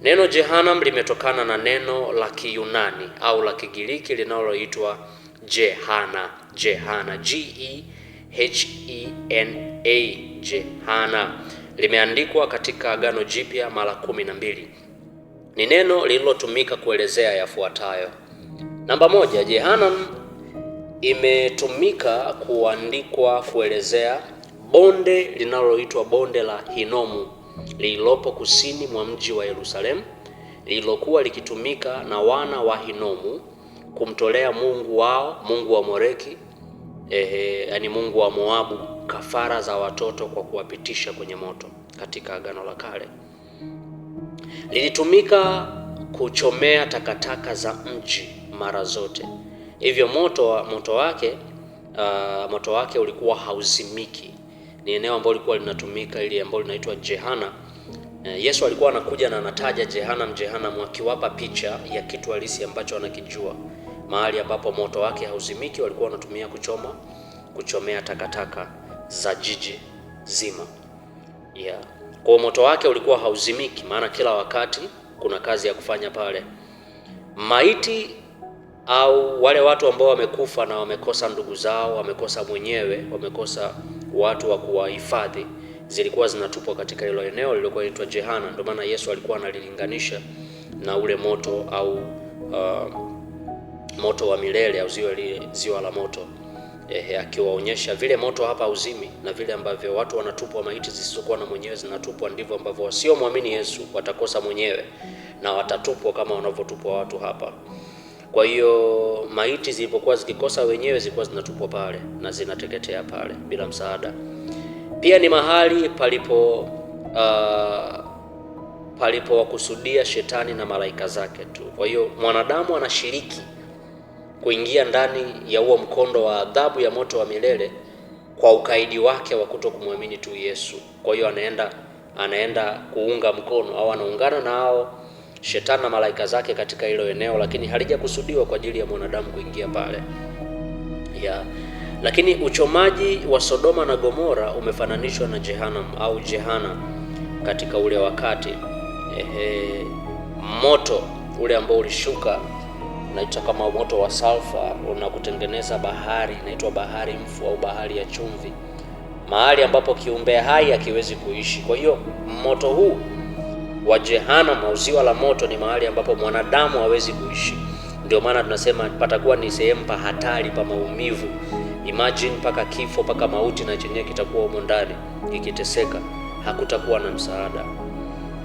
Neno Jehanam limetokana na neno la Kiyunani au la Kigiriki linaloitwa Jehana, Jehana, G E H E N A, Jehana. Limeandikwa katika Agano Jipya mara kumi na mbili. Ni neno lililotumika kuelezea yafuatayo. Namba moja, Jehanam imetumika kuandikwa kuelezea bonde linaloitwa bonde la Hinomu lililopo kusini mwa mji wa Yerusalemu lililokuwa likitumika na wana wa Hinomu kumtolea mungu wao mungu wa Moreki ehe, yani mungu wa Moabu kafara za watoto kwa kuwapitisha kwenye moto. Katika Agano la Kale lilitumika kuchomea takataka za mji mara zote, hivyo moto, moto wake uh, moto wake ulikuwa hauzimiki. Ni eneo ambalo lilikuwa linatumika ili ambalo linaitwa Jehana Eh, Yesu alikuwa anakuja na anataja Jehanam, Jehanam, akiwapa picha ya kitu halisi ambacho anakijua, mahali ambapo moto wake hauzimiki. Walikuwa wanatumia kuchoma, kuchomea takataka za jiji zima yeah. Kwa moto wake ulikuwa hauzimiki, maana kila wakati kuna kazi ya kufanya pale. Maiti au wale watu ambao wamekufa na wamekosa ndugu zao, wamekosa mwenyewe, wamekosa watu wa kuwahifadhi zilikuwa zinatupwa katika hilo eneo lilikuwa linaitwa Jehana. Ndio maana Yesu alikuwa analilinganisha na ule moto au uh, moto wa milele au ziwa, ziwa la moto ehe, akiwaonyesha vile moto hapa uzimi na vile ambavyo watu wanatupwa maiti zisizokuwa na mwenyewe zinatupwa, ndivyo ambavyo wasiomwamini Yesu watakosa mwenyewe na watatupwa kama wanavyotupwa watu hapa. Kwa hiyo maiti zilipokuwa zikikosa wenyewe zilikuwa zinatupwa pale na zinateketea pale bila msaada. Pia ni mahali palipo uh, palipowakusudia shetani na malaika zake tu. Kwa hiyo mwanadamu anashiriki kuingia ndani ya huo mkondo wa adhabu ya moto wa milele kwa ukaidi wake wa kuto kumwamini tu Yesu. Kwa hiyo anaenda anaenda kuunga mkono au anaungana nao shetani na malaika zake katika hilo eneo, lakini halijakusudiwa kwa ajili ya mwanadamu kuingia pale, yeah. Lakini uchomaji wa Sodoma na Gomora umefananishwa na Jehanam au Jehana katika ule wakati. Ehe, moto ule ambao ulishuka unaitwa kama moto wa salfa, unakutengeneza bahari, inaitwa bahari mfu au bahari ya chumvi, mahali ambapo kiumbe hai hakiwezi kuishi. Kwa hiyo moto huu wa Jehanamu au ziwa la moto ni mahali ambapo mwanadamu hawezi kuishi. Ndio maana tunasema patakuwa ni sehemu pa hatari pa maumivu. Imagine mpaka kifo mpaka mauti na chenyewe kitakuwa humo ndani ikiteseka hakutakuwa na msaada.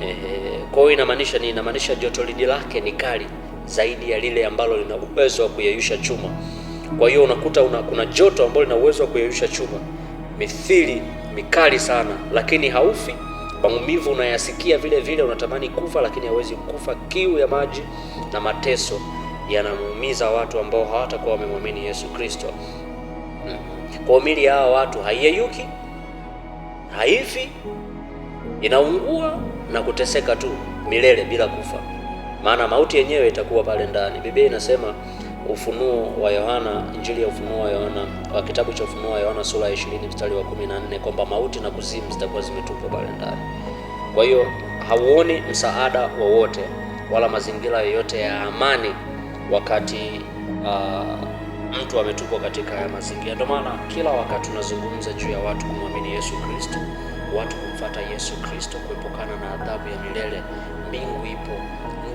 Ehe, kwa hiyo inamaanisha ni inamaanisha lidi lake ni kali zaidi ya lile ambalo lina uwezo wa kuyeyusha chuma. Kwa hiyo unakuta una, kuna joto ambalo lina uwezo wa kuyeyusha chuma mithili mikali sana, lakini haufi. Maumivu unayasikia vile vile, unatamani kufa lakini hawezi kufa. Kiu ya maji na mateso yanamuumiza watu ambao hawatakuwa wamemwamini Yesu Kristo. Kwa mili ya hawa watu haiyeyuki, haifi, inaungua na kuteseka tu milele bila kufa, maana mauti yenyewe itakuwa pale ndani. Biblia inasema Ufunuo wa Yohana, Injili ya Ufunuo wa Yohana, wa kitabu cha Ufunuo wa Yohana sura ya 20 mstari wa 14 kwamba mauti na kuzimu zitakuwa zimetupwa pale ndani. Kwa hiyo hauoni msaada wowote wa wala mazingira yoyote ya amani wakati uh, mtu ametupwa katika haya mazingira. Ndio maana kila wakati tunazungumza juu ya watu kumwamini Yesu Kristo, watu kumfata Yesu Kristo, kuepukana na adhabu ya milele. Mbingu ipo,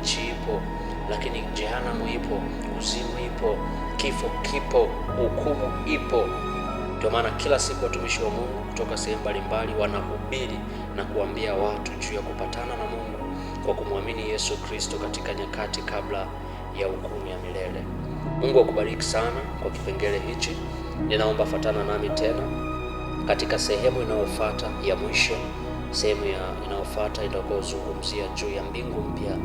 nchi ipo, lakini jehanamu ipo, uzimu ipo, kifo kipo, hukumu ipo. Ndio maana kila siku watumishi wa Mungu kutoka sehemu mbalimbali wanahubiri na kuambia watu juu ya kupatana na Mungu kwa kumwamini Yesu Kristo katika nyakati kabla ya hukumu ya milele. Mungu akubariki sana kwa kipengele hichi. Ninaomba fatana nami tena katika sehemu inayofuata ya mwisho. Sehemu inayofuata itakuwa juu ya mbingu mpya